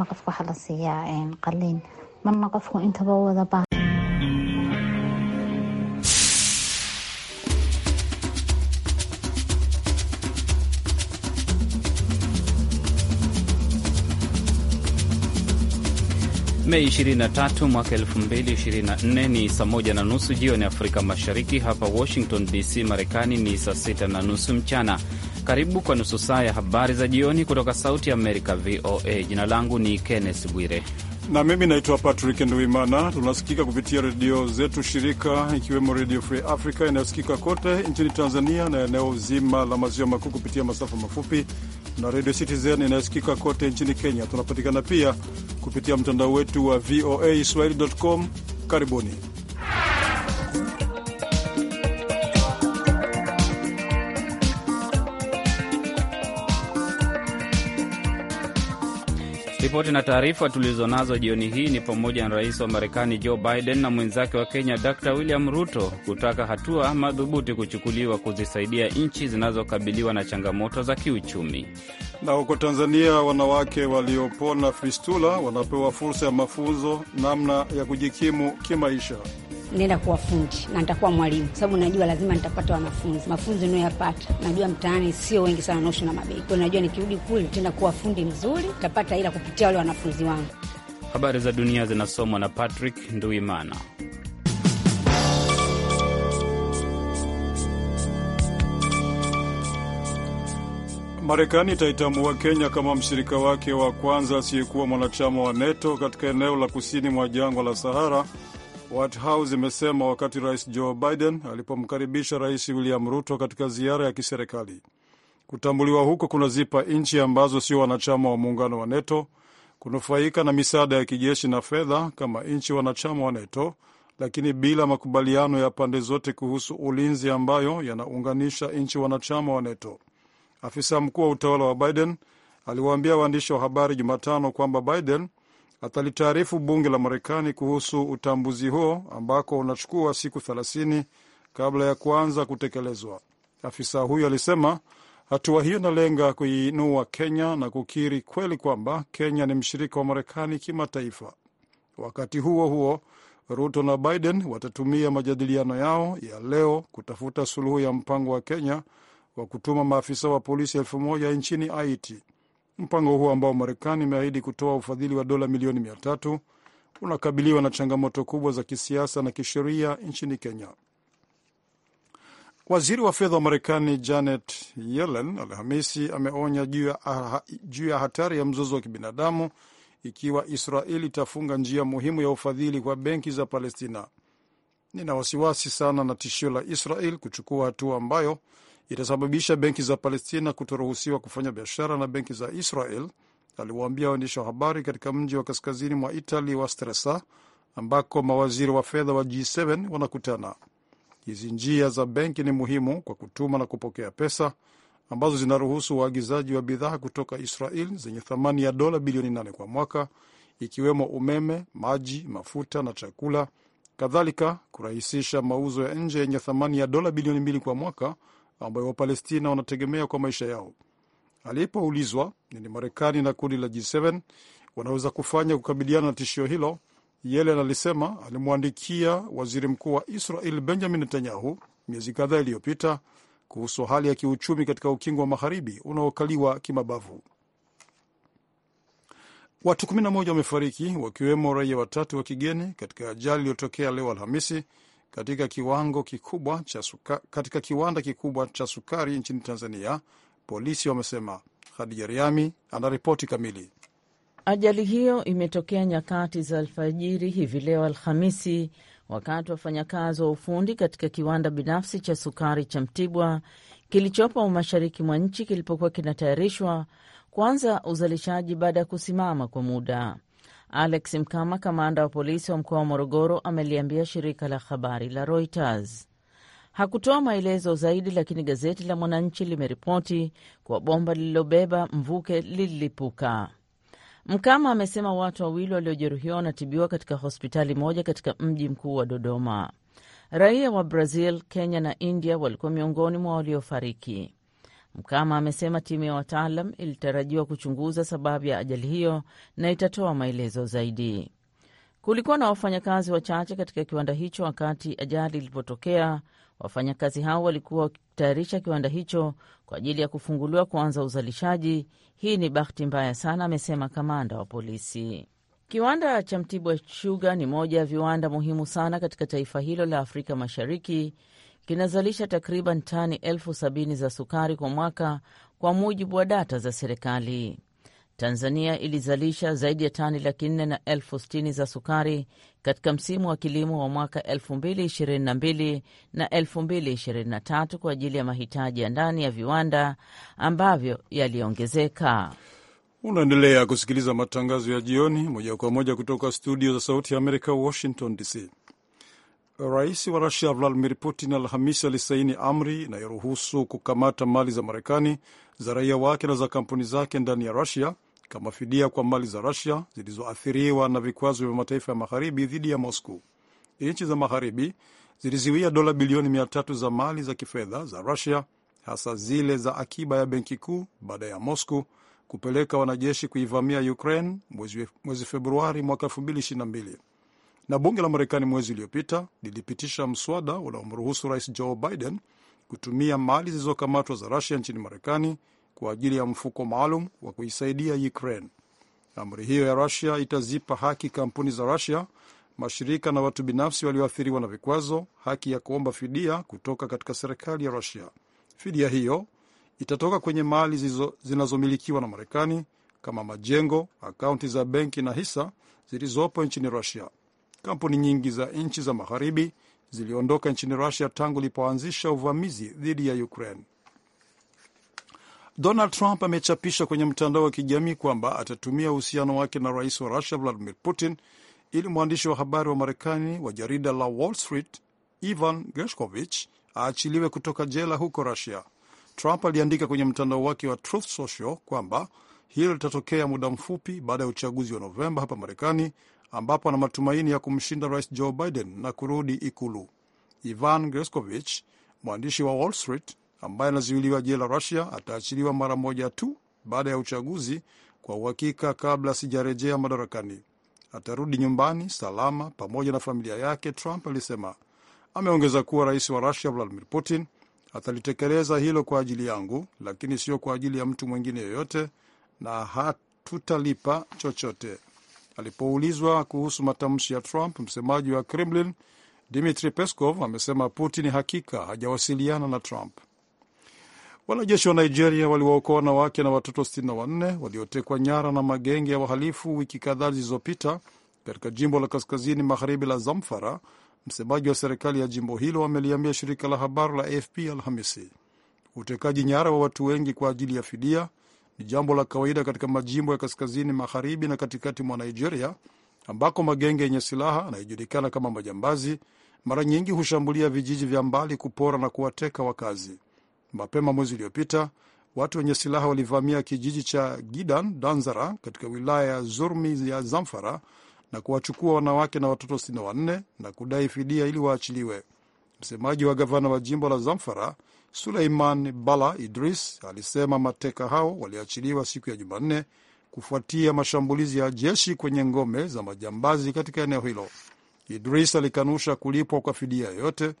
marna qofka waxaa la siiyaa qaliin marna qofku intaba wada baa Mei 23 mwaka 2024 ni saa moja na nusu jioni Afrika Mashariki. Hapa Washington DC, Marekani ni saa sita na nusu mchana. Karibu kwa nusu saa ya habari za jioni kutoka Sauti ya Amerika, VOA. Jina langu ni Kenneth Bwire na mimi naitwa Patrick Nduimana. Tunasikika kupitia redio zetu shirika, ikiwemo Redio Free Africa inayosikika kote nchini Tanzania na eneo zima la maziwa makuu kupitia masafa mafupi na Redio Citizen inayosikika kote nchini Kenya. Tunapatikana pia kupitia mtandao wetu wa VOA swahili.com. Karibuni. Ripoti na taarifa tulizonazo jioni hii ni pamoja na rais wa Marekani Joe Biden na mwenzake wa Kenya Dr William Ruto kutaka hatua madhubuti kuchukuliwa kuzisaidia nchi zinazokabiliwa na changamoto za kiuchumi. Na huko Tanzania, wanawake waliopona fistula wanapewa fursa ya mafunzo namna ya kujikimu kimaisha nenda kuwa fundi na nitakuwa mwalimu, sababu najua lazima nitapata wanafunzi. Mafunzo unayoyapata najua mtaani sio wengi sana wanaoishi na mabegi, kwa najua nikirudi kule nitaenda kuwa fundi mzuri, nitapata ila kupitia wale wanafunzi wangu. Habari za dunia zinasomwa na Patrick Nduimana. Marekani itaitambua Kenya kama mshirika wake wa kwanza asiyekuwa mwanachama wa NATO katika eneo la kusini mwa jangwa la Sahara White House imesema wakati Rais Joe Biden alipomkaribisha Rais William Ruto katika ziara ya kiserikali. Kutambuliwa huko kunazipa nchi ambazo sio wanachama wa muungano wa NATO kunufaika na misaada ya kijeshi na fedha kama nchi wanachama wa NATO, lakini bila makubaliano ya pande zote kuhusu ulinzi ambayo yanaunganisha nchi wanachama wa NATO. Afisa mkuu wa utawala wa Biden aliwaambia waandishi wa habari Jumatano kwamba Biden atalitaarifu bunge la Marekani kuhusu utambuzi huo ambako unachukua siku 30 kabla ya kuanza kutekelezwa. Afisa huyo alisema hatua hiyo inalenga kuiinua Kenya na kukiri kweli kwamba Kenya ni mshirika wa Marekani kimataifa. Wakati huo huo, Ruto na Biden watatumia majadiliano yao ya leo kutafuta suluhu ya mpango wa Kenya wa kutuma maafisa wa polisi elfu moja nchini Haiti. Mpango huo ambao Marekani imeahidi kutoa ufadhili wa dola milioni mia tatu unakabiliwa na changamoto kubwa za kisiasa na kisheria nchini Kenya. Waziri wa fedha wa Marekani Janet Yellen Alhamisi ameonya juu ya hatari ya mzozo wa kibinadamu ikiwa Israeli itafunga njia muhimu ya ufadhili kwa benki za Palestina. Nina wasiwasi sana na tishio la Israel kuchukua hatua ambayo itasababisha benki za Palestina kutoruhusiwa kufanya biashara na benki za Israel, aliwaambia waandishi wa habari katika mji wa kaskazini mwa Itali wa Stresa, ambako mawaziri wa fedha wa G7 wanakutana. Hizi njia za benki ni muhimu kwa kutuma na kupokea pesa ambazo zinaruhusu waagizaji wa, bidhaa kutoka Israel zenye thamani ya dola bilioni nane kwa mwaka, ikiwemo umeme, maji, mafuta na chakula, kadhalika kurahisisha mauzo ya nje yenye thamani ya dola bilioni 2 kwa mwaka ambayo Wapalestina wanategemea kwa maisha yao. Alipoulizwa nini Marekani na kundi la G7 wanaweza kufanya kukabiliana na tishio hilo, Yelen alisema alimwandikia waziri mkuu wa Israel Benjamin Netanyahu miezi kadhaa iliyopita kuhusu hali ya kiuchumi katika ukingo wa magharibi unaokaliwa kimabavu. Watu 11 wamefariki wakiwemo raia watatu wa kigeni katika ajali iliyotokea leo Alhamisi katika, kiwango kikubwa cha suka, katika kiwanda kikubwa cha sukari nchini Tanzania, polisi wamesema. Khadija Riami anaripoti kamili. Ajali hiyo imetokea nyakati za alfajiri hivi leo Alhamisi, wakati wafanyakazi wa ufundi katika kiwanda binafsi cha sukari cha Mtibwa kilichopo mashariki mwa nchi kilipokuwa kinatayarishwa kuanza uzalishaji baada ya kusimama kwa muda. Alex Mkama, kamanda wa polisi wa mkoa wa Morogoro, ameliambia shirika la habari la Reuters. Hakutoa maelezo zaidi, lakini gazeti la Mwananchi limeripoti kuwa bomba lililobeba mvuke lililipuka. Mkama amesema watu wawili waliojeruhiwa wanatibiwa katika hospitali moja katika mji mkuu wa Dodoma. Raia wa Brazil, Kenya na India walikuwa miongoni mwa waliofariki. Mkama amesema timu ya wataalam ilitarajiwa kuchunguza sababu ya ajali hiyo na itatoa maelezo zaidi. Kulikuwa na wafanyakazi wachache katika kiwanda hicho wakati ajali ilipotokea. Wafanyakazi hao walikuwa wakitayarisha kiwanda hicho kwa ajili ya kufunguliwa kuanza uzalishaji. Hii ni bahati mbaya sana, amesema kamanda wa polisi. Kiwanda cha Mtibwa Shuga ni moja ya viwanda muhimu sana katika taifa hilo la Afrika Mashariki kinazalisha takriban tani elfu sabini za sukari kwa mwaka, kwa mujibu wa data za serikali. Tanzania ilizalisha zaidi ya tani laki nne na elfu sitini za sukari katika msimu wa kilimo wa mwaka 2022 na 2023 kwa ajili ya mahitaji ya ndani ya viwanda ambavyo yaliongezeka. Unaendelea kusikiliza matangazo ya jioni moja kwa moja kutoka studio za Sauti ya Amerika, Washington DC. Rais wa Rusia Vladimir Putin Alhamisi alisaini amri inayoruhusu kukamata mali za Marekani za raia wake na za kampuni zake ndani ya Rusia kama fidia kwa mali za Rusia zilizoathiriwa na vikwazo vya mataifa ya magharibi dhidi ya Moscow. Nchi za magharibi ziliziwia dola bilioni mia tatu za mali za kifedha za Rusia, hasa zile za akiba ya benki kuu, baada ya Moscow kupeleka wanajeshi kuivamia Ukraine mwezi Februari mwaka mbili na bunge la Marekani mwezi uliopita lilipitisha mswada unaomruhusu Rais Joe Biden kutumia mali zilizokamatwa za Rusia nchini Marekani kwa ajili ya mfuko maalum wa kuisaidia Ukraine. Amri hiyo ya Rusia itazipa haki kampuni za Rusia, mashirika na watu binafsi walioathiriwa na vikwazo, haki ya kuomba fidia kutoka katika serikali ya Rusia. Fidia hiyo itatoka kwenye mali zinazomilikiwa na Marekani kama majengo, akaunti za benki na hisa zilizopo nchini Rusia. Kampuni nyingi za nchi za magharibi ziliondoka nchini Rusia tangu ilipoanzisha uvamizi dhidi ya Ukraine. Donald Trump amechapisha kwenye mtandao wa kijamii kwamba atatumia uhusiano wake na rais wa Rusia Vladimir Putin ili mwandishi wa habari wa Marekani wa jarida la Wall Street Ivan Gershkovich aachiliwe kutoka jela huko Rusia. Trump aliandika kwenye mtandao wake wa Truth Social kwamba hilo litatokea muda mfupi baada ya uchaguzi wa Novemba hapa Marekani ambapo ana matumaini ya kumshinda rais Joe Biden na kurudi Ikulu. Ivan Grescovich, mwandishi wa Wall Street ambaye anazuiliwa jela Rusia, ataachiliwa mara moja tu baada ya uchaguzi, kwa uhakika kabla sijarejea madarakani. Atarudi nyumbani salama pamoja na familia yake, Trump alisema. Ameongeza kuwa rais wa Rusia Vladimir Putin atalitekeleza hilo kwa ajili yangu, lakini sio kwa ajili ya mtu mwingine yoyote, na hatutalipa chochote. Alipoulizwa kuhusu matamshi ya Trump, msemaji wa Kremlin Dmitri Peskov amesema Putin hakika hajawasiliana na Trump. Wanajeshi wa Nigeria waliwaokoa wanawake na watoto 64 waliotekwa nyara na magenge ya wahalifu wiki kadhaa zilizopita katika jimbo la kaskazini magharibi la Zamfara. Msemaji wa serikali ya jimbo hilo ameliambia shirika la habari la AFP Alhamisi. Utekaji nyara wa watu wengi kwa ajili ya fidia ni jambo la kawaida katika majimbo ya kaskazini magharibi na katikati mwa Nigeria, ambako magenge yenye silaha yanayojulikana kama majambazi mara nyingi hushambulia vijiji vya mbali kupora na kuwateka wakazi. Mapema mwezi uliopita, watu wenye silaha walivamia kijiji cha Gidan Danzara katika wilaya ya Zurmi ya Zamfara na kuwachukua wanawake na watoto 64 na kudai fidia ili waachiliwe. Msemaji wa gavana wa jimbo la Zamfara Suleiman Bala Idris alisema mateka hao waliachiliwa siku ya Jumanne kufuatia mashambulizi ya jeshi kwenye ngome za majambazi katika eneo hilo. Idris alikanusha kulipwa kwa fidia yoyote,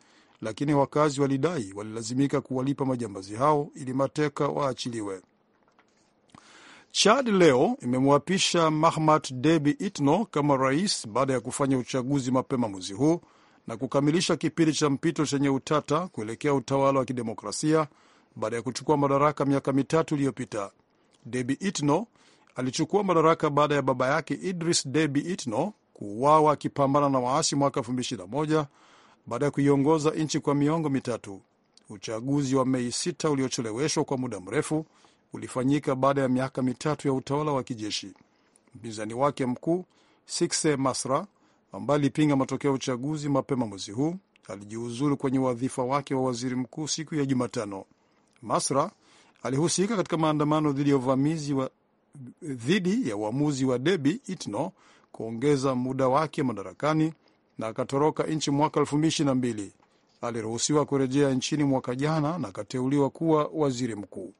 lakini wakazi walidai walilazimika kuwalipa majambazi hao ili mateka waachiliwe. Chad leo imemwapisha Mahamat Debi Itno kama rais baada ya kufanya uchaguzi mapema mwezi huu na kukamilisha kipindi cha mpito chenye utata kuelekea utawala wa kidemokrasia baada ya kuchukua madaraka miaka mitatu iliyopita. Debi Itno alichukua madaraka baada ya baba yake Idris Debi Itno kuuawa akipambana na waasi mwaka 2021 baada ya kuiongoza nchi kwa miongo mitatu. Uchaguzi wa Mei 6 uliocheleweshwa kwa muda mrefu ulifanyika baada ya miaka mitatu ya utawala wa kijeshi. Mpinzani wake mkuu Sikse Masra ambaye alipinga matokeo ya uchaguzi mapema mwezi huu alijiuzulu kwenye wadhifa wake wa waziri mkuu siku ya Jumatano. Masra alihusika katika maandamano dhidi ya uvamizi wa dhidi ya uamuzi wa Debi Itno kuongeza muda wake madarakani na akatoroka nchi mwaka mbili. Aliruhusiwa kurejea nchini mwaka jana na akateuliwa kuwa waziri mkuu.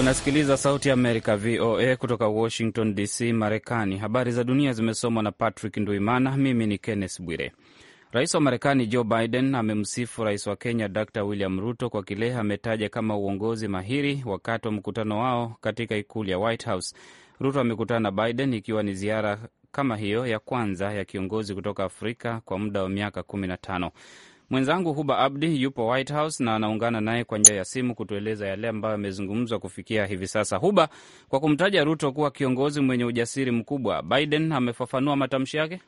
Unasikiliza Sauti ya Amerika, VOA, kutoka Washington DC, Marekani. Habari za dunia zimesomwa na Patrick Nduimana. Mimi ni Kenneth Bwire. Rais wa Marekani Joe Biden amemsifu rais wa Kenya Dr William Ruto kwa kile ametaja kama uongozi mahiri wakati wa mkutano wao katika ikulu ya White House. Ruto amekutana na Biden ikiwa ni ziara kama hiyo ya kwanza ya kiongozi kutoka Afrika kwa muda wa miaka tano. Mwenzangu Huba Abdi yupo White House na anaungana naye kwa njia ya simu kutueleza yale ambayo yamezungumzwa kufikia hivi sasa. Huba, kwa kumtaja Ruto kuwa kiongozi mwenye ujasiri mkubwa, Biden amefafanua matamshi yake.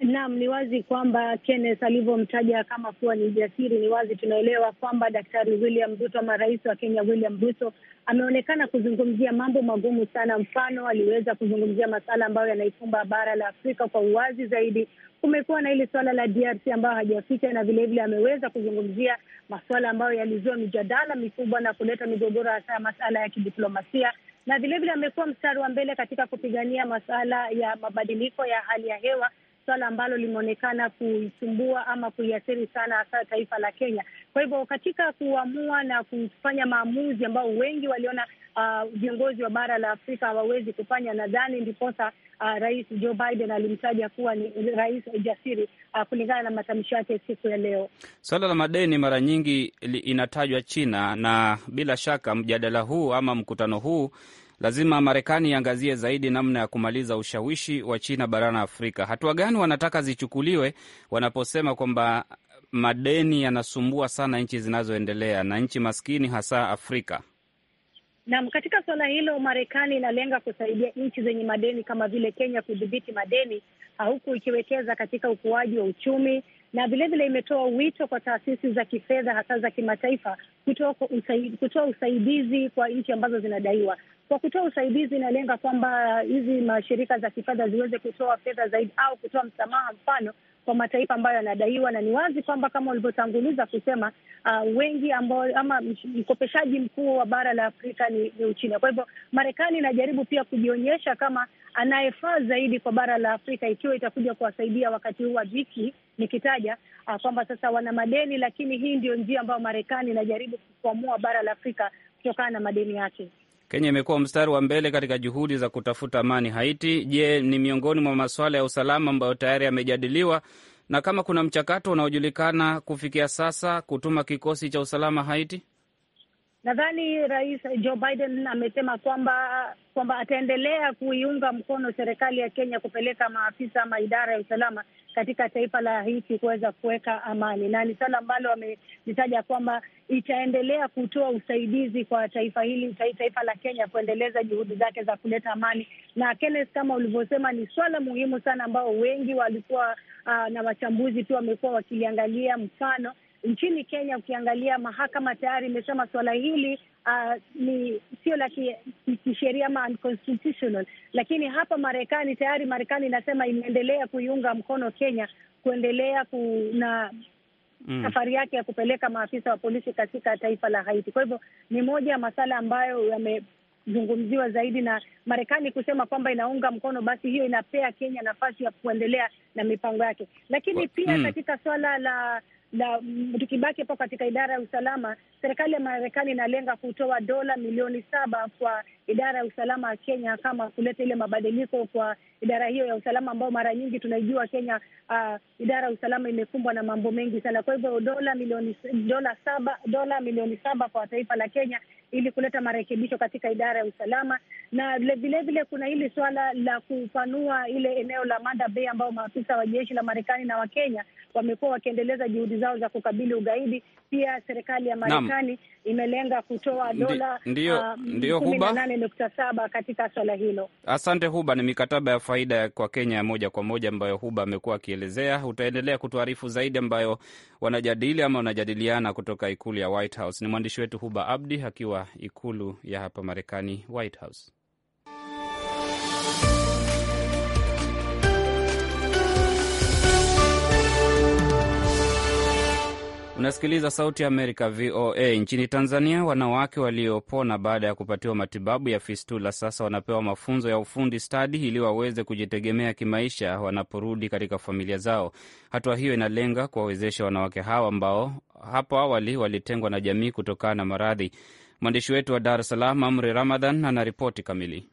Naam, ni wazi kwamba Kenneth alivyomtaja kama kuwa ni jasiri, ni wazi tunaelewa kwamba Daktari William Ruto ama rais wa Kenya William Ruto ameonekana kuzungumzia mambo magumu sana. Mfano, aliweza kuzungumzia masuala ambayo yanaikumba bara la Afrika kwa uwazi zaidi. Kumekuwa na ile suala la DRC ambayo hajafika na vilevile ameweza kuzungumzia masuala ambayo yalizua mijadala mikubwa na kuleta migogoro, hasa masuala ya kidiplomasia na vilevile amekuwa mstari wa mbele katika kupigania masuala ya mabadiliko ya hali ya hewa swala ambalo limeonekana kuisumbua ama kuiathiri sana hasa taifa la Kenya. Kwa hivyo katika kuamua na kufanya maamuzi ambao wengi waliona uh, viongozi uh, wa bara la Afrika hawawezi kufanya, nadhani ndiposa uh, Rais Joe Biden alimtaja kuwa ni rais jasiri uh, kulingana na matamshi yake siku ya leo. Swala la madeni mara nyingi inatajwa China, na bila shaka mjadala huu ama mkutano huu lazima Marekani iangazie zaidi namna ya kumaliza ushawishi wa China barani Afrika. Hatua gani wanataka zichukuliwe wanaposema kwamba madeni yanasumbua sana nchi zinazoendelea na nchi maskini hasa Afrika? Naam, katika suala hilo Marekani inalenga kusaidia nchi zenye madeni kama vile Kenya kudhibiti madeni, huku ikiwekeza katika ukuaji wa uchumi na vilevile imetoa wito kwa taasisi za kifedha hasa za kimataifa kutoa usaidizi, kutoa usaidizi kwa nchi ambazo zinadaiwa. Kwa kutoa usaidizi, inalenga kwamba hizi mashirika za kifedha ziweze kutoa fedha zaidi au kutoa msamaha mfano kwa mataifa ambayo yanadaiwa, na ni wazi kwamba kama ulivyotanguliza kusema uh, wengi ambao ama mkopeshaji mkuu wa bara la Afrika ni, ni Uchina. Kwa hivyo Marekani inajaribu pia kujionyesha kama anayefaa zaidi kwa bara la Afrika, ikiwa itakuja kuwasaidia wakati huu wa jiki, nikitaja ah, kwamba sasa wana madeni, lakini hii ndio njia ambayo Marekani inajaribu kukwamua bara la Afrika kutokana na madeni yake. Kenya imekuwa mstari wa mbele katika juhudi za kutafuta amani Haiti. Je, ni miongoni mwa masuala ya usalama ambayo tayari yamejadiliwa na kama kuna mchakato unaojulikana kufikia sasa kutuma kikosi cha usalama Haiti? Nadhani Rais Joe Biden amesema kwamba kwamba ataendelea kuiunga mkono serikali ya Kenya kupeleka maafisa ama idara ya usalama katika taifa la Haiti kuweza kuweka amani, na ni suala ambalo amelitaja kwamba itaendelea kutoa usaidizi kwa taifa hili, taifa la Kenya kuendeleza juhudi zake za kuleta amani. Na Kenneth, kama ulivyosema, ni swala muhimu sana ambao wengi walikuwa uh, na wachambuzi pia wamekuwa wakiliangalia mfano nchini Kenya, ukiangalia mahakama tayari imesema suala hili uh, ni sio la kisheria ama unconstitutional, lakini hapa Marekani tayari Marekani inasema imeendelea kuiunga mkono Kenya kuendelea kuna Mm. safari yake ya kupeleka maafisa wa polisi katika taifa la Haiti. Kwa hivyo ni moja ya masala ambayo yamezungumziwa zaidi, na Marekani kusema kwamba inaunga mkono, basi hiyo inapea Kenya nafasi ya kuendelea na mipango yake, lakini pia mm, katika swala la la tukibaki mm, hapo katika idara ya usalama, serikali ya Marekani inalenga kutoa dola milioni saba kwa idara ya usalama ya Kenya kama kuleta ile mabadiliko kwa idara hiyo ya usalama, ambao mara nyingi tunaijua Kenya, uh, idara ya usalama imekumbwa na mambo mengi sana. Kwa hivyo dola milioni dola saba dola milioni saba kwa taifa la Kenya ili kuleta marekebisho katika idara ya usalama, na vilevile kuna hili swala la kupanua ile eneo la Manda Bay ambao maafisa wa jeshi la Marekani na wa Kenya wamekuwa wakiendeleza juhudi zao za kukabili ugaidi. Pia serikali ya Marekani imelenga kutoa dola ah, kumi na nane nukta saba katika swala hilo. Asante Huba, ni mikataba ya faida kwa Kenya ya moja kwa moja ambayo Huba amekuwa akielezea. Utaendelea kutuarifu zaidi ambayo wanajadili ama wanajadiliana kutoka ikulu ya White House. Ni mwandishi wetu Huba Abdi akiwa ikulu ya hapa Marekani, White House. Unasikiliza Sauti ya Amerika, VOA. Nchini Tanzania, wanawake waliopona baada ya kupatiwa matibabu ya fistula sasa wanapewa mafunzo ya ufundi stadi ili waweze kujitegemea kimaisha wanaporudi katika familia zao. Hatua hiyo inalenga kuwawezesha wanawake hawa ambao hapo awali walitengwa na jamii kutokana na maradhi. Mwandishi wetu wa Dar es Salaam, Amri Ramadhan, anaripoti kamili.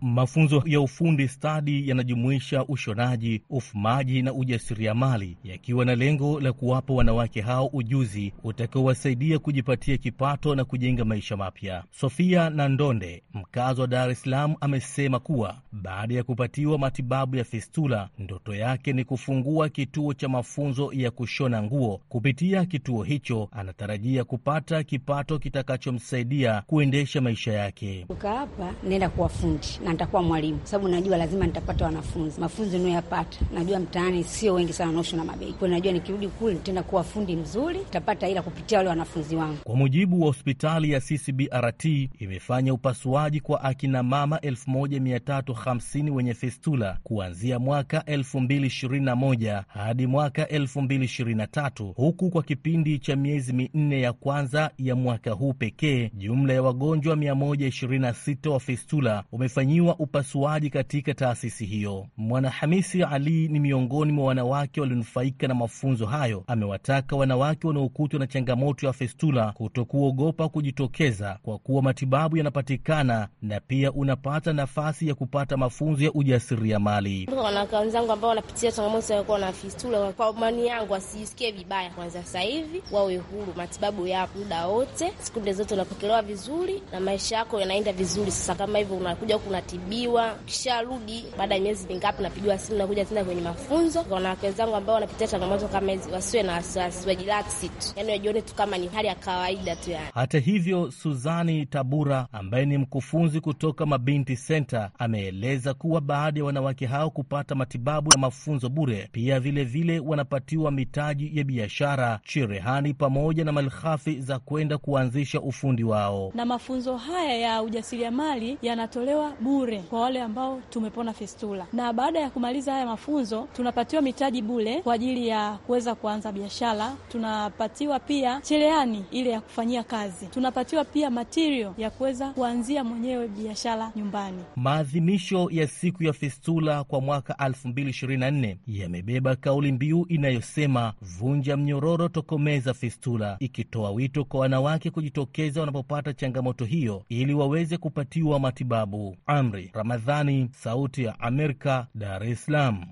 Mafunzo ya ufundi stadi yanajumuisha ushonaji, ufumaji na ujasiriamali, yakiwa na lengo la kuwapa wanawake hao ujuzi utakaowasaidia kujipatia kipato na kujenga maisha mapya. Sofia Nandonde, mkazi wa Dar es Salaam, amesema kuwa baada ya kupatiwa matibabu ya fistula, ndoto yake ni kufungua kituo cha mafunzo ya kushona nguo. Kupitia kituo hicho, anatarajia kupata kipato kitakachomsaidia kuendesha maisha yake. hapa nenda kuwa fundi na nitakuwa mwalimu, sababu najua lazima nitapata wanafunzi. mafunzi ninayoyapata najua mtaani sio wengi sana wanaoshona mabegi, kwa najua nikirudi kule nitaenda kuwa fundi mzuri, nitapata ila kupitia wale wanafunzi wangu. Kwa mujibu wa hospitali ya CCBRT, imefanya upasuaji kwa akina mama 1350 wenye fistula kuanzia mwaka 2021 hadi mwaka 2023, huku kwa kipindi cha miezi minne ya kwanza ya mwaka huu pekee jumla ya wagonjwa 126 wa fistula umefanyiwa kufanyiwa upasuaji katika taasisi hiyo. Mwanahamisi Ali ni miongoni mwa wanawake walionufaika na mafunzo hayo. Amewataka wanawake wanaokutwa na changamoto ya festula kutokuogopa kujitokeza, kwa kuwa matibabu yanapatikana na pia unapata nafasi ya kupata mafunzo ya ujasiriamali. Wanawake wenzangu ambao wanapitia changamoto ya kuwa na fistula, kwa imani yangu wasijisikie vibaya, kwanza sasa hivi wawe huru, matibabu ya muda wote, sekunde zote unapokelewa vizuri na maisha yako yanaenda vizuri. Sasa kama hivyo unakuja kuna natibiwa, kisharudi baada ya miezi mingapi napigiwa simu, nakuja tena kwenye mafunzo. Wanawake wenzangu ambao wanapitia changamoto kama hizi wasiwe na wasiwasi, wajilaksi tu, yani wajione tu kama ni hali ya kawaida tu yani. Hata hivyo, Suzani Tabura ambaye ni mkufunzi kutoka Mabinti Center ameeleza kuwa baada ya wanawake hao kupata matibabu na mafunzo bure, pia vilevile vile wanapatiwa mitaji ya biashara, cherehani pamoja na malighafi za kwenda kuanzisha ufundi wao, na mafunzo haya ya ujasiriamali yanatolewa bure bure kwa wale ambao tumepona fistula, na baada ya kumaliza haya mafunzo tunapatiwa mitaji bure kwa ajili ya kuweza kuanza biashara. Tunapatiwa pia cherehani ile ya kufanyia kazi, tunapatiwa pia material ya kuweza kuanzia mwenyewe biashara nyumbani. Maadhimisho ya siku ya fistula kwa mwaka 2024 yamebeba kauli mbiu inayosema vunja mnyororo, tokomeza fistula, ikitoa wito kwa wanawake kujitokeza wanapopata changamoto hiyo ili waweze kupatiwa matibabu. Amri Ramadhani, Sauti ya Amerika, Dar es Salaam.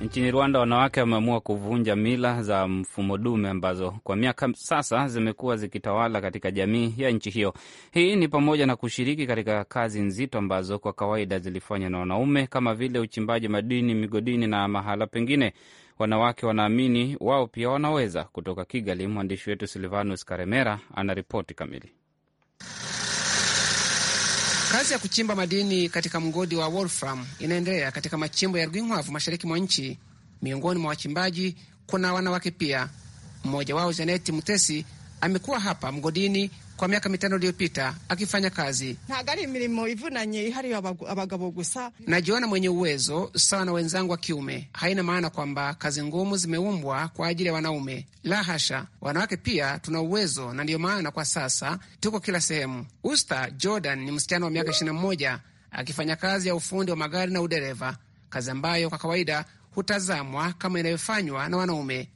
Nchini Rwanda, wanawake wameamua kuvunja mila za mfumo dume ambazo kwa miaka sasa zimekuwa zikitawala katika jamii ya nchi hiyo. Hii ni pamoja na kushiriki katika kazi nzito ambazo kwa kawaida zilifanywa na wanaume kama vile uchimbaji madini migodini na mahala pengine wanawake wanaamini wao pia wanaweza. Kutoka Kigali, mwandishi wetu Silvanus Karemera ana ripoti kamili. Kazi ya kuchimba madini katika mgodi wa Wolfram inaendelea katika machimbo ya Rwinkwavu, mashariki mwa nchi. Miongoni mwa wachimbaji kuna wanawake pia. Mmoja wao Janeti Mutesi amekuwa hapa mgodini kwa miaka mitano iliyopita akifanya kazi. Najiona mwenye uwezo sawa na wenzangu wa kiume. Haina maana kwamba kazi ngumu zimeumbwa kwa ajili ya wanaume, la hasha. Wanawake pia tuna uwezo, na ndiyo maana kwa sasa tuko kila sehemu. Usta Jordan ni msichana wa miaka 21 akifanya kazi ya ufundi wa magari na udereva, kazi ambayo kwa kawaida hutazamwa kama inayofanywa na wanaume.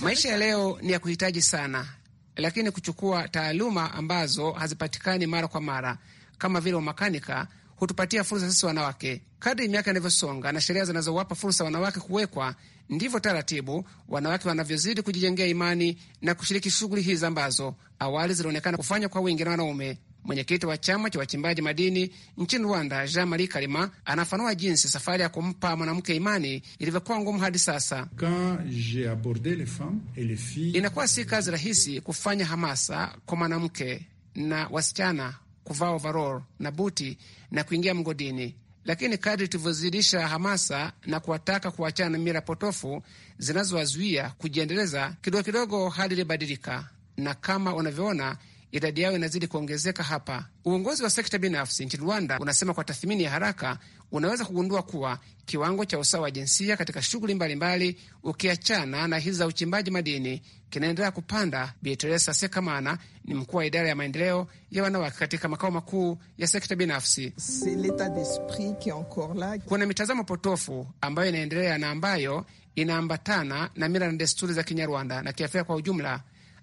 Maisha ya leo ni ya kuhitaji sana lakini kuchukua taaluma ambazo hazipatikani mara kwa mara kama vile umakanika hutupatia fursa sisi wanawake. Kadri miaka inavyosonga na sheria zinazowapa fursa wanawake kuwekwa, ndivyo taratibu wanawake wanavyozidi kujijengea imani na kushiriki shughuli hizi ambazo awali zilionekana kufanywa kwa wingi na wanaume. Mwenyekiti wa chama cha wachimbaji madini nchini Rwanda, Jean Marie Kalima, anafanua jinsi safari ya kumpa mwanamke imani ilivyokuwa ngumu hadi sasa. Inakuwa si kazi rahisi kufanya hamasa kwa mwanamke na wasichana kuvaa ovarol na buti na kuingia mgodini, lakini kadri tulivyozidisha hamasa na kuwataka kuachana na mila potofu zinazowazuia kujiendeleza, kidogo kidogo hali ilibadilika, na kama unavyoona idadi yao inazidi kuongezeka hapa. Uongozi wa sekta binafsi nchini Rwanda unasema kwa tathmini ya haraka unaweza kugundua kuwa kiwango cha usawa wa jinsia katika shughuli mbalimbali, ukiachana na hizi za uchimbaji madini, kinaendelea kupanda. Bi Sekamana ni mkuu wa idara ya maendeleo ya wanawake katika makao makuu ya sekta binafsi. Kuna mitazamo potofu ambayo inaendelea na ambayo inaambatana na mila na desturi za Kinyarwanda na kiafrika kwa ujumla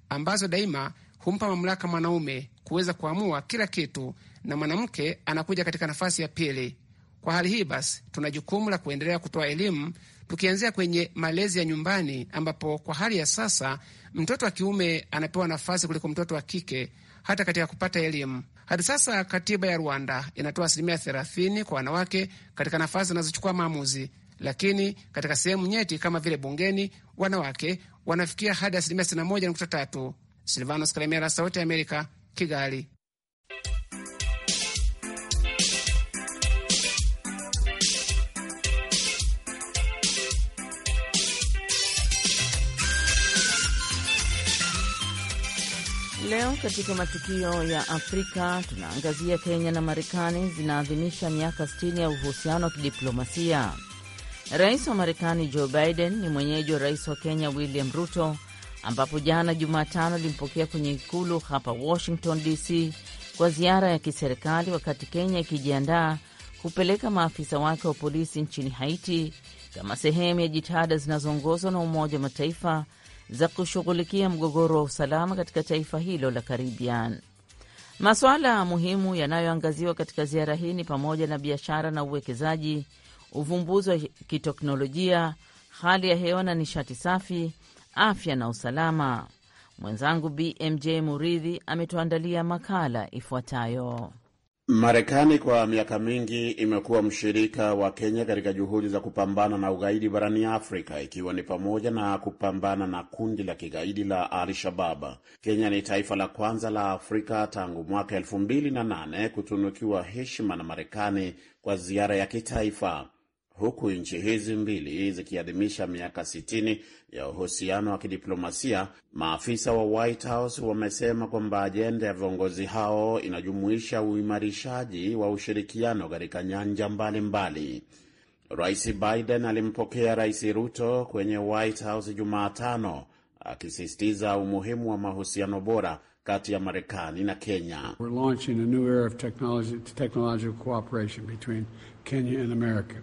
ambazo daima humpa mamlaka mwanaume kuweza kuamua kila kitu, na mwanamke anakuja katika nafasi ya pili. Kwa hali hii basi, tuna jukumu la kuendelea kutoa elimu, tukianzia kwenye malezi ya nyumbani, ambapo kwa hali ya sasa mtoto wa kiume anapewa nafasi kuliko mtoto wa kike hata katika kupata elimu. Hadi sasa katiba ya Rwanda inatoa asilimia thelathini kwa wanawake katika nafasi zinazochukua maamuzi, lakini katika sehemu nyeti kama vile bungeni wanawake wanafikia hadi asilimia sitini na moja nukta tatu. Silvanos Karemera, Sauti ya Amerika, Kigali. Leo katika matukio ya Afrika tunaangazia Kenya na Marekani zinaadhimisha miaka 60 ya uhusiano wa kidiplomasia. Rais wa Marekani Joe Biden ni mwenyeji wa rais wa Kenya William Ruto ambapo jana Jumatano alimpokea kwenye ikulu hapa Washington DC kwa ziara ya kiserikali, wakati Kenya ikijiandaa kupeleka maafisa wake wa polisi nchini Haiti kama sehemu ya jitihada zinazoongozwa na Umoja wa Mataifa za kushughulikia mgogoro wa usalama katika taifa hilo la Karibian. Masuala muhimu yanayoangaziwa katika ziara hii ni pamoja na biashara na uwekezaji, uvumbuzi wa kiteknolojia, hali ya hewa na nishati safi, afya na usalama. Mwenzangu BMJ Muridhi ametuandalia makala ifuatayo. Marekani kwa miaka mingi imekuwa mshirika wa Kenya katika juhudi za kupambana na ugaidi barani Afrika, ikiwa ni pamoja na kupambana na kundi la kigaidi la Al-Shabab. Kenya ni taifa la kwanza la Afrika tangu mwaka elfu mbili na nane kutunukiwa heshima na Marekani kwa ziara ya kitaifa huku nchi hizi mbili zikiadhimisha miaka 60 ya uhusiano wa kidiplomasia, maafisa wa White House wamesema kwamba ajenda ya viongozi hao inajumuisha uimarishaji wa ushirikiano katika nyanja mbalimbali. Rais Biden alimpokea Rais Ruto kwenye White House Jumatano, akisisitiza umuhimu wa mahusiano bora kati ya Marekani na Kenya. We're launching a new era of technology, technological cooperation between Kenya and America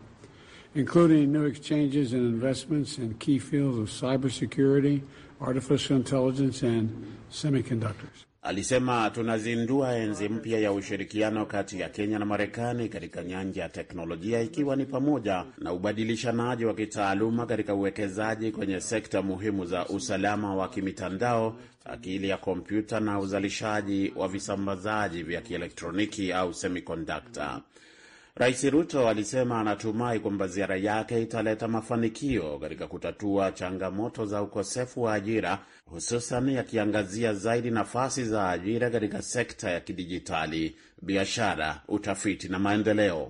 including new exchanges and investments in key fields of cybersecurity, artificial intelligence and semiconductors. Alisema tunazindua enzi mpya ya ushirikiano kati ya Kenya na Marekani katika nyanja ya teknolojia ikiwa ni pamoja na ubadilishanaji wa kitaaluma katika uwekezaji kwenye sekta muhimu za usalama wa kimitandao, akili ya kompyuta na uzalishaji wa visambazaji vya kielektroniki au semiconductor. Rais Ruto alisema anatumai kwamba ziara yake italeta mafanikio katika kutatua changamoto za ukosefu wa ajira, hususan yakiangazia zaidi nafasi za ajira katika sekta ya kidijitali, biashara, utafiti na maendeleo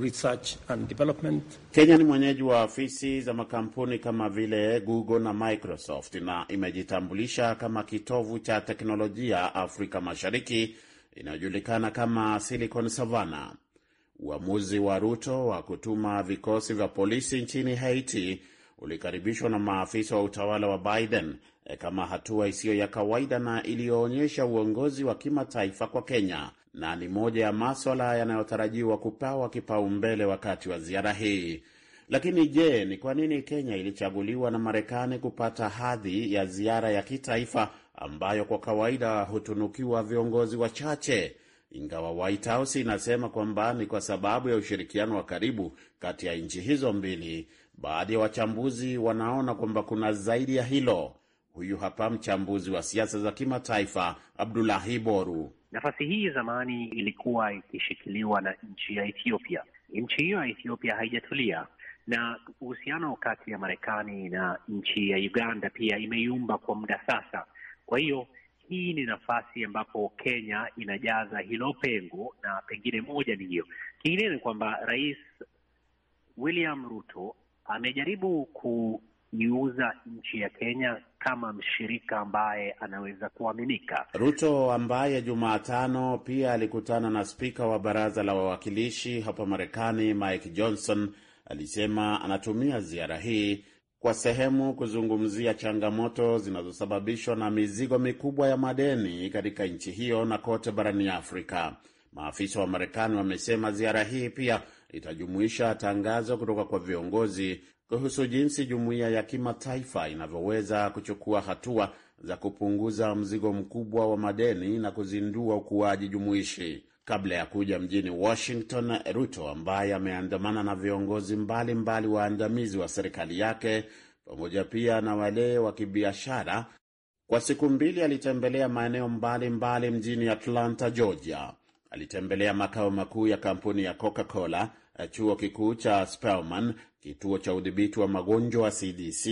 research and development. Kenya ni mwenyeji wa afisi za makampuni kama vile Google na Microsoft na imejitambulisha kama kitovu cha teknolojia Afrika Mashariki inayojulikana kama Silicon Savannah. Uamuzi wa Ruto wa kutuma vikosi vya polisi nchini Haiti ulikaribishwa na maafisa wa utawala wa Biden eh, kama hatua isiyo ya kawaida na iliyoonyesha uongozi wa kimataifa kwa Kenya na ni moja ya maswala yanayotarajiwa kupawa kipaumbele wakati wa ziara hii. Lakini je, ni kwa nini Kenya ilichaguliwa na Marekani kupata hadhi ya ziara ya kitaifa ambayo kwa kawaida hutunukiwa viongozi wachache? Ingawa White House inasema kwamba ni kwa sababu ya ushirikiano wa karibu kati ya nchi hizo mbili, baadhi ya wachambuzi wanaona kwamba kuna zaidi ya hilo. Huyu hapa mchambuzi wa siasa za kimataifa Abdulahi Boru. Nafasi hii zamani ilikuwa ikishikiliwa na nchi ya Ethiopia. Nchi hiyo ya Ethiopia haijatulia na uhusiano kati ya Marekani na nchi ya Uganda pia imeyumba kwa muda sasa. Kwa hiyo hii ni nafasi ambapo Kenya inajaza hilo pengo, na pengine moja ni hiyo. Kingine ni kwamba Rais William Ruto amejaribu ku kuiuza nchi ya Kenya kama mshirika ambaye anaweza kuaminika. Ruto ambaye Jumatano pia alikutana na spika wa baraza la wawakilishi hapa Marekani Mike Johnson alisema anatumia ziara hii kwa sehemu kuzungumzia changamoto zinazosababishwa na mizigo mikubwa ya madeni katika nchi hiyo na kote barani Afrika. Maafisa wa Marekani wamesema ziara hii pia itajumuisha tangazo kutoka kwa viongozi kuhusu jinsi jumuiya ya kimataifa inavyoweza kuchukua hatua za kupunguza mzigo mkubwa wa madeni na kuzindua ukuaji jumuishi. Kabla ya kuja mjini Washington, Ruto ambaye ameandamana na viongozi mbalimbali waandamizi wa serikali yake pamoja pia na wale wa kibiashara, kwa siku mbili alitembelea maeneo mbalimbali mjini Atlanta, Georgia. Alitembelea makao makuu ya kampuni ya Coca-Cola Eh, chuo kikuu cha Spelman, kituo cha udhibiti wa magonjwa CDC,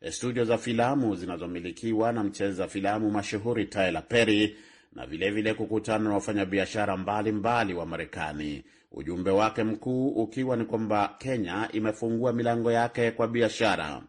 eh, studio za filamu zinazomilikiwa na mcheza filamu mashuhuri Tyler Perry na vilevile vile kukutana na wafanyabiashara mbalimbali wa Marekani, ujumbe wake mkuu ukiwa ni kwamba Kenya imefungua milango yake kwa biashara.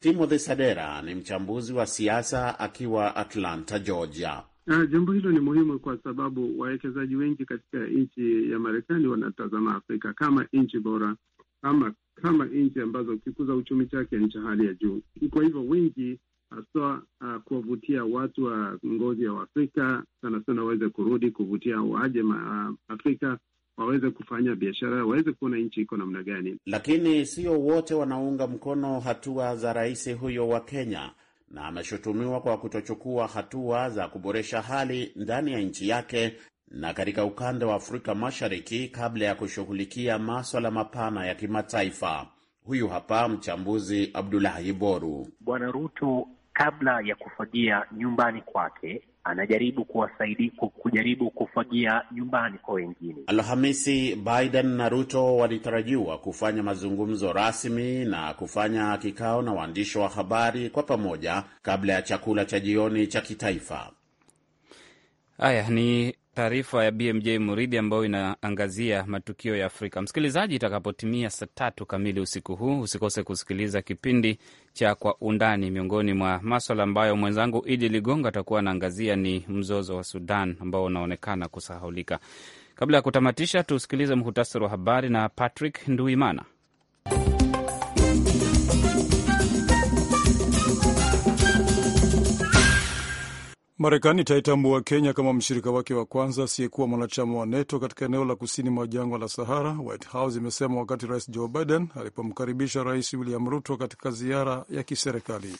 Timothy Sadera ni mchambuzi wa siasa akiwa Atlanta, Georgia. Uh, jambo hilo ni muhimu kwa sababu wawekezaji wengi katika nchi ya Marekani wanatazama Afrika kama nchi bora ama kama nchi ambazo ukikuza uchumi chake ni cha hali ya juu. Kwa hivyo wengi haswa uh, kuwavutia watu wa ngozi ya afrika sana sana waweze kurudi, kuvutia waje ma, uh, Afrika waweze kufanya biashara, waweze kuona nchi iko namna gani. Lakini sio wote wanaunga mkono hatua za rais huyo wa Kenya na ameshutumiwa kwa kutochukua hatua za kuboresha hali ndani ya nchi yake na katika ukanda wa Afrika Mashariki kabla ya kushughulikia maswala mapana ya kimataifa. Huyu hapa mchambuzi Abdulahi Boru. Bwana Ruto kabla ya kufagia nyumbani kwake anajaribu kuwasaidia kujaribu kufagia nyumbani kwa wengine. Alhamisi, Biden na Ruto walitarajiwa kufanya mazungumzo rasmi na kufanya kikao na waandishi wa habari kwa pamoja kabla ya chakula cha jioni cha kitaifa. Haya ni taarifa ya BMJ Muridhi ambayo inaangazia matukio ya Afrika. Msikilizaji, itakapotimia saa tatu kamili usiku huu, usikose kusikiliza kipindi cha Kwa Undani. Miongoni mwa maswala ambayo mwenzangu Idi Ligonga atakuwa anaangazia ni mzozo wa Sudan ambao unaonekana kusahaulika. Kabla ya kutamatisha, tusikilize muhtasari wa habari na Patrick Nduimana. Marekani itaitambua Kenya kama mshirika wake wa kwanza asiyekuwa mwanachama wa NATO katika eneo la kusini mwa jangwa la Sahara, White House imesema wakati Rais Joe Biden alipomkaribisha Rais William Ruto katika ziara ya kiserikali.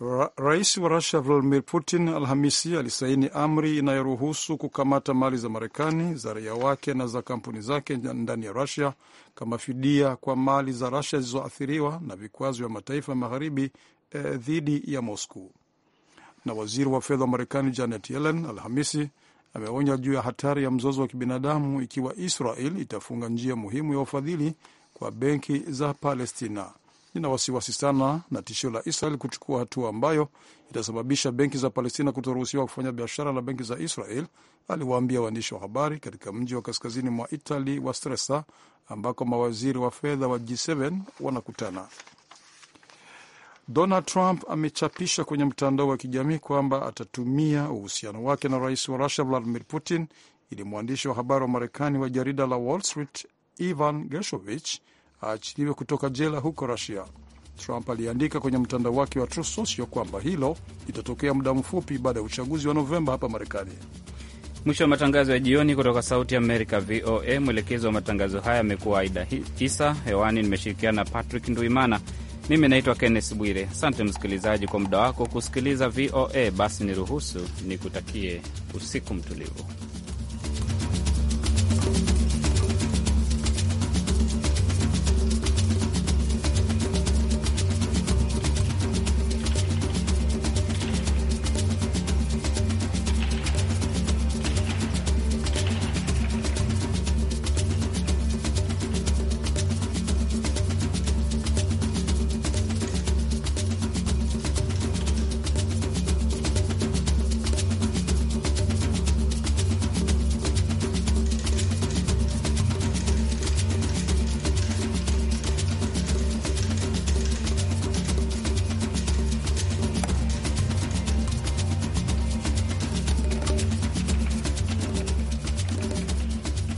Ra Rais wa Rusia Vladimir Putin Alhamisi alisaini amri inayoruhusu kukamata mali za Marekani, za raia wake na za kampuni zake ndani ya Rusia kama fidia kwa mali za Rusia zilizoathiriwa na vikwazo vya mataifa magharibi eh, dhidi ya Moscow na waziri wa fedha wa Marekani Janet Yellen Alhamisi ameonya juu ya hatari ya mzozo wa kibinadamu ikiwa Israel itafunga njia muhimu ya ufadhili kwa benki za Palestina. Nina wasiwasi sana na tishio la Israel kuchukua hatua ambayo itasababisha benki za Palestina kutoruhusiwa kufanya biashara na benki za Israel, aliwaambia waandishi wa habari katika mji wa kaskazini mwa Itali wa Stresa ambako mawaziri wa fedha wa G7 wanakutana. Donald Trump amechapisha kwenye mtandao wa kijamii kwamba atatumia uhusiano wake na rais wa Rusia Vladimir Putin ili mwandishi wa habari wa Marekani wa jarida la Wall Street Ivan Gershovich aachiliwe kutoka jela huko Rusia. Trump aliandika kwenye mtandao wake wa Truth Social kwamba hilo litatokea muda mfupi baada ya uchaguzi wa Novemba hapa Marekani. Mwisho wa matangazo ya jioni kutoka Sauti Amerika, VOA. Mwelekezi wa matangazo haya amekuwa Aida Isa. Hewani nimeshirikiana na Patrick Nduimana. Mimi naitwa kennes Bwire. Asante msikilizaji kwa muda wako kusikiliza VOA. Basi niruhusu nikutakie usiku mtulivu.